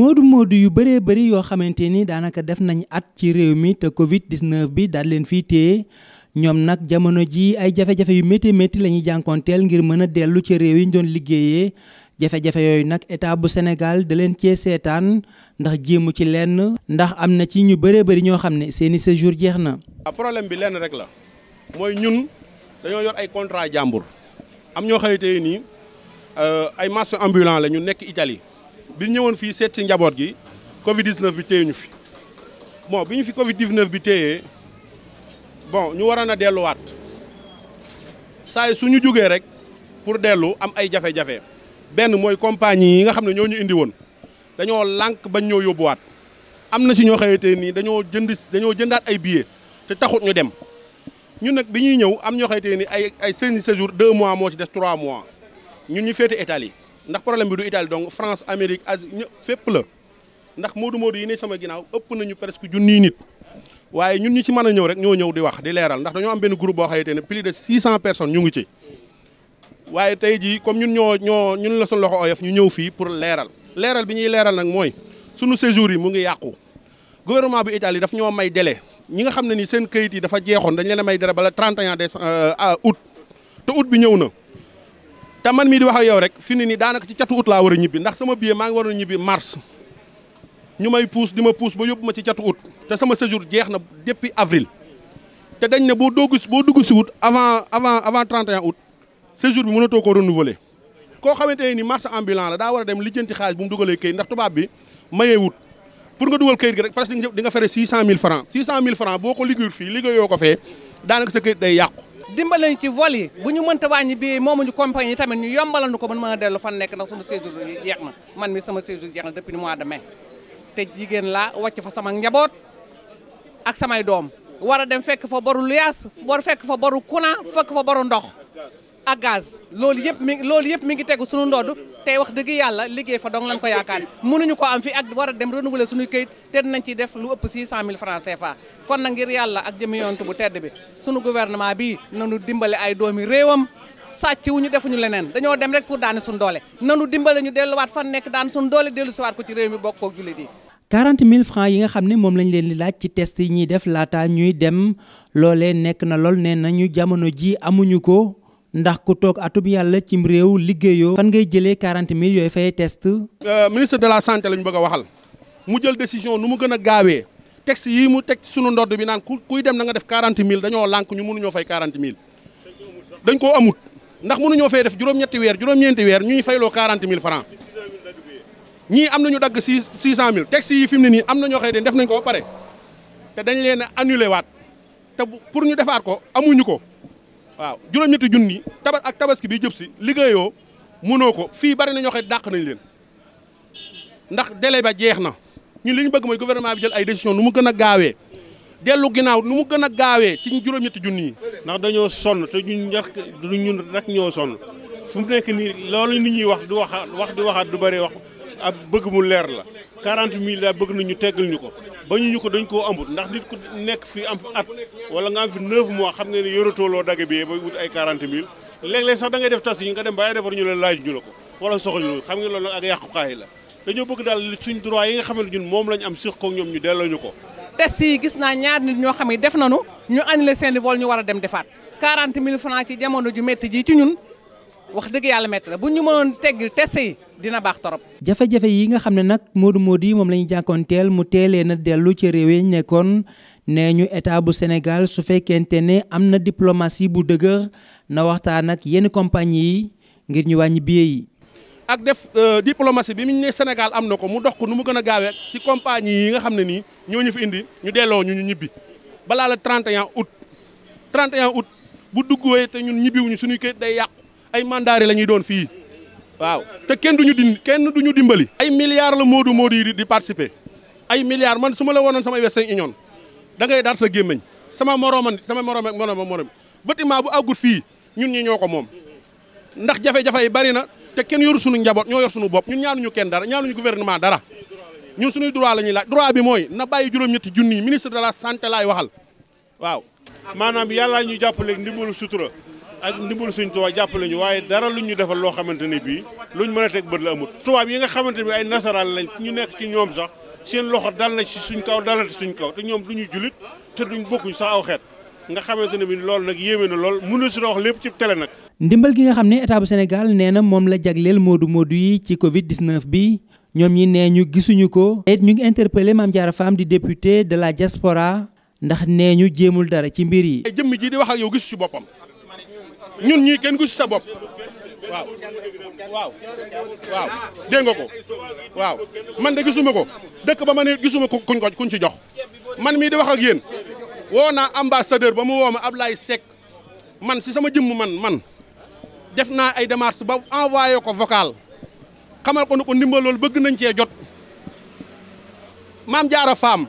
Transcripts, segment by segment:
moodu-moodu yu bëree bëri yoo xamante ni daanaka def nañ at ci réew mi te Covid 19 bi daal leen fii téye ñoom nag jamono ji ay jafe-jafe yu métti métti la ñuy jànkoonteel ngir mën a dellu ci réew yi ñu doon liggéeyee jafe-jafe yooyu nag état bu Sénégal da leen cee seetaan ndax jéemu ci lenn. ndax am na ci ñu bëree bëri ñoo xam ne seeni séjour jeex na. Ah, problème bi lenn rek la mooy ñun dañoo yor ay contrat jàmbur am ñoo xamante nii euh, ay marchands ambulants la ñu nekk Italie. bi ñëwoon fii seet ci njaboot gi Covid 19 bi téye ñu fi moo bi ñu fi Covid 19 bi téyee bon ñu waroon a delluwaat saa yi su ñu jógee rek pour dellu am ay jafe-jafe benn mooy compagnie yi nga xam ne ñoo ñu indi woon dañoo lank bañ ñoo yóbbuwaat am na ci ñoo xamante nii dañoo jënd dañoo jëndaat ay billets te taxut ñu dem ñun nag bi ñuy ñëw am ñoo xamante ni ay ay seen séjour 2 mois moo ci des 3 mois ñun ñu féete Italie ndax problème bi du Italie donc France Amérique Asie ñëpp fépp la ndax moodu Modou yi ne sama ginnaaw ëpp nañu presque junniy nit waaye ñun ñu ci mën a ñëw rek ñoo ñëw di wax di leeral ndax dañoo am benn groupe boo xamante ne plus de 600 personnes ñu ngi ci waaye tey jii comme ñun ñoo ñoo ñun la suñu loxo oyof ñu ñëw fii pour leeral leeral bi ñuy leeral nag mooy sunu séjour yi mu ngi yàqu gouvernement bu Italie daf ñoo may dele ñi nga xam ne ni seen këyit yi dafa jeexoon dañ leen a may dara bala 31 décembre euh, août te août bi ñëw na te man mii di wax yow rek fi ni nii daanaka ci catu ut laa war a ñibbi ndax sama billet maa ngi waroon a ñibbi mars ñu may puus di ma puus ba yóbbu ma ci catu ut te sama séjour jeex na depuis avril te dañ ne boo dugg boo dugg si août avant avant avant 31 août séjour bi mënatoo koo renouveler koo xamante ne ni marchand ambulant la daa war a dem lijjanti xaalis bu mu dugalee këyit ndax tubaab bi mayee wut pour nga dugal këyit gi rek parce di nga fere 600000 francs 600000 francs boo ko liggéeyul fii liggéeyoo dimbale ñu ci vol bu ñu mënta wàññi bii moomuñu compagnie yi tamit ñu yombalal nu ko mën mën dellu fan nekk na ndax sama séjour jeex na man mi sama séjour jeex na depuis mois de mai te jigéen laa wàcc fa sama njaboot ak samay doom war a dem fekk fa baru luyaas war fekk fa boru kuna fekk fa baru ndox ak gaz loolu yëpp mi loolu yëpp mi ngi tegu suñu ndodd tey wax dëgg yàlla liggéey fa dong lañ ko yaakaar mënuñu ko am fi ak war a dem renouveler suñuy këyit te dinañ ciy def lu ëpp 600 000 francs CFA kon na ngir yàlla ak jëmi yontu bu tedd bi suñu gouvernement bi nanu dimbale ay doomi réewam sàcc wu ñu defuñu leneen dañoo dem rek pour daani suñu doole nanu dimbale ñu delluwaat fan nekk daan suñu doole dellu siwaat ko ci réew mi bokkoo jullit yi 40 000 yi nga xam ne moom lañ leen di laaj test yi def laata ñuy dem loolee nekk na lool nee nañu jamono ji amuñu ko ndax ku toog atub yàlla cim réew liggéeyoo. fan ngay jëlee quarante mille yooyu fay test. Euh, ministre de la santé lañ bëgg a waxal mu jël décision nu mu gën a gaawee texte yii mu teg ci sunu ndodd bi naan kuy dem na nga def quarante mille dañoo lànk ñu mënuñoo fay quarante mille dañ koo amut ndax mënuñoo fay def juróom-ñetti weer juróom-ñeenti weer ñuy fayloo quarante mille franc ñii am nañu dagg six six cent mille texte yii fi mu ne nii am na ñoo xëy def nañ ko ba pare te dañ leen a annulé waat te pour ñu defaat ko amuñu ko. waaw juróom-ñetti junni tabax ak tabaski bi jëb si liggéeyoo mënoo ko fii bari na ñoo xam dàq nañ leen ndax délai ba jeex na ñu li ñu bëgg mooy gouvernement bi jël ay décision nu mu gën a gaawee dellu ginnaaw nu mu gën a gaawee ci juróom-ñetti junni yi. ndax dañoo sonn te ñun ñax ñun rek ñoo sonn fu mu nekk nii loolu nit ñuy wax du wax wax di waxaat du bëri wax ab bëgg mu leer la mil milliards bëgg nañu teggal ñu ko ba ñu ñu ko dañ koo amut ndax nit ku nekk fii am fi at wala nga am fi 9 mois ne yoratooloo dagg bi ba wut ay 40 mille ngay def tas yi nga dem bàyyi defar ñu la laaj la ko wala xam nga loolu nag ak yàqukaay la dañoo bëgg daal suñ droit yi nga xam ne ñun moom lañ am siq ko ñoom ñu delloo ñu ko test yi gis naa ñaar nit ñoo xam ne def nañu ñu annulé seen bool vol ñu war a dem defaat 40 mille francs ci jamono ju métti ji ci ñun wax dëgg yàlla métti la bu ñu mënoon teggil test yi dina baax torop jafe-jafe yi nga xam ne nag moodu-moodu yi moom la ñu jànkoonteel mu teelee na dellu ci réew yi nekkoon nee ñu état bu Sénégal su fekkente ne am na diplomatie bu dëgër na waxtaan ak yenn compagnie yi ngir ñu wàññi billet yi. ak def euh, diplomatie bi mu ne Sénégal am na ko mu dox ko nu mu gën a gaawee ci compagnie yi nga xam ne nii ñoo ñu fi indi ñu delloo ñu ñu ñibbi balaa la 31 août 31 août ay mandaari la ñuy doon fii waaw te kenn duñu di kenn duñu dimbali. ay milliards la moodu moodu yi di participer ay milliards man suma la woonoon sama Western Union da ngay daal sa gémmiñ sama moroman sama morom ak morom morom bâtiment bu agut fii ñun ñi ñoo ko moom ndax jafe-jafe yi bari na te kenn yoru suñu njaboot ñoo yor suñu bopp ñun ñaanuñu kenn dara ñaanuñu gouvernement dara ñun suñuy droit la ñuy laaj droit bi mooy na bàyyi juróom-ñetti junni ministre de la sante laay waxal waaw. maanaam yàlla ñu jàppaleeg ndimbalu sutura. ak ndimbal suñ tubaab jàppale ñu waaye dara luñ ñu defal loo xamante ne bii luñ mën a teg bët la amut tubaab yi nga xamante ne bi ay nasaraan lañ ñu nekk ci ñoom sax seen loxo dal na ci suñ kaw dalati suñ kaw te ñoom duñu julit te duñ bokkuñ sax aw xeet nga xamante ne bi loolu nag yéeme na lool mënu si wax lépp ci télé nag ndimbal gi nga xam ne état bu Sénégal nee na moom la jagleel moodu moodu yi ci Covid 19 bi ñoom ñi nee ñu gisuñu ko et ñu ngi interpellé Mame Diarra Fam di député de la diaspora ndax nee ñu jéemul dara ci mbir yi jëmm ji di wax ak yow gis ci boppam ñun ñii kenn gisu sa bopp waaw waaw nga ko waaw man de gisuma ko dëkk ba ma ne gisuma ko kuñ ko kuñ ci jox man mii di wax ak yéen woo naa ambassadeur ba mu woo ma Ablaye sek man si sama jëmm man man def naa ay démarches ba envoyé ko vocal xamal ko ne ko ndimbal loolu bëgg nañ cee jot maam jaaro faam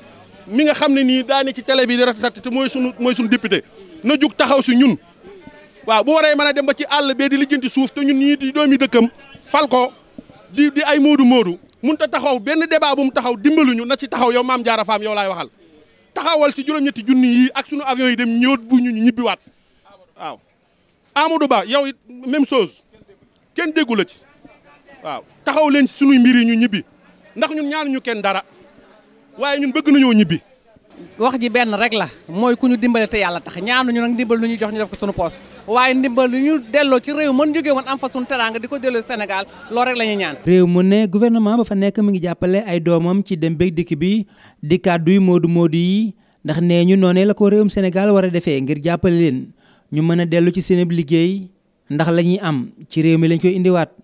mi nga xam ne nii daane ci telebi bi di ratati mooy sunu mooy sunu député na jug taxaw si ñun waaw bu waree mën a dem ba ci àll bee di lijjanti suuf te ñun ñii di doomi dëkkam fal ko di di ay moodu moodu mun ta taxaw benn débat bu mu taxaw dimbaluñu na ci taxaw yow maam jaara faam yow laay waxal taxawal si juróom-ñetti junni yi ak sunu avion yi dem ñëw bu ñu ñibbiwaat waaw Amadou Ba yow it même chose kenn déggu la ci waaw taxaw leen sunuy mbir yi ñu ñibbi ndax ñun ñaanuñu kenn dara waaye ñun bëgg nañoo ñibbi wax ji benn rek la mooy ku ñu dimbale te yàlla tax ñaanuñu nag ndimbal lu ñu jox ñu def ko suñu poos waaye ndimbal lu ñu delloo ci réew mën jógee woon am fa suñu teraanga di ko delloo Sénégal loolu rek la ñuy ñaan réew mu ne gouvernement ba fa nekk mi ngi jàppale ay doomam ci dem bég dikk bi di kàddu yi moodu moodu yi ndax nee ñu noonee la ko réewum Sénégal war a defee ngir jàppale leen ñu mën a dellu ci seen liggéey ndax lañuy am ci réew mi lañ koy indiwaat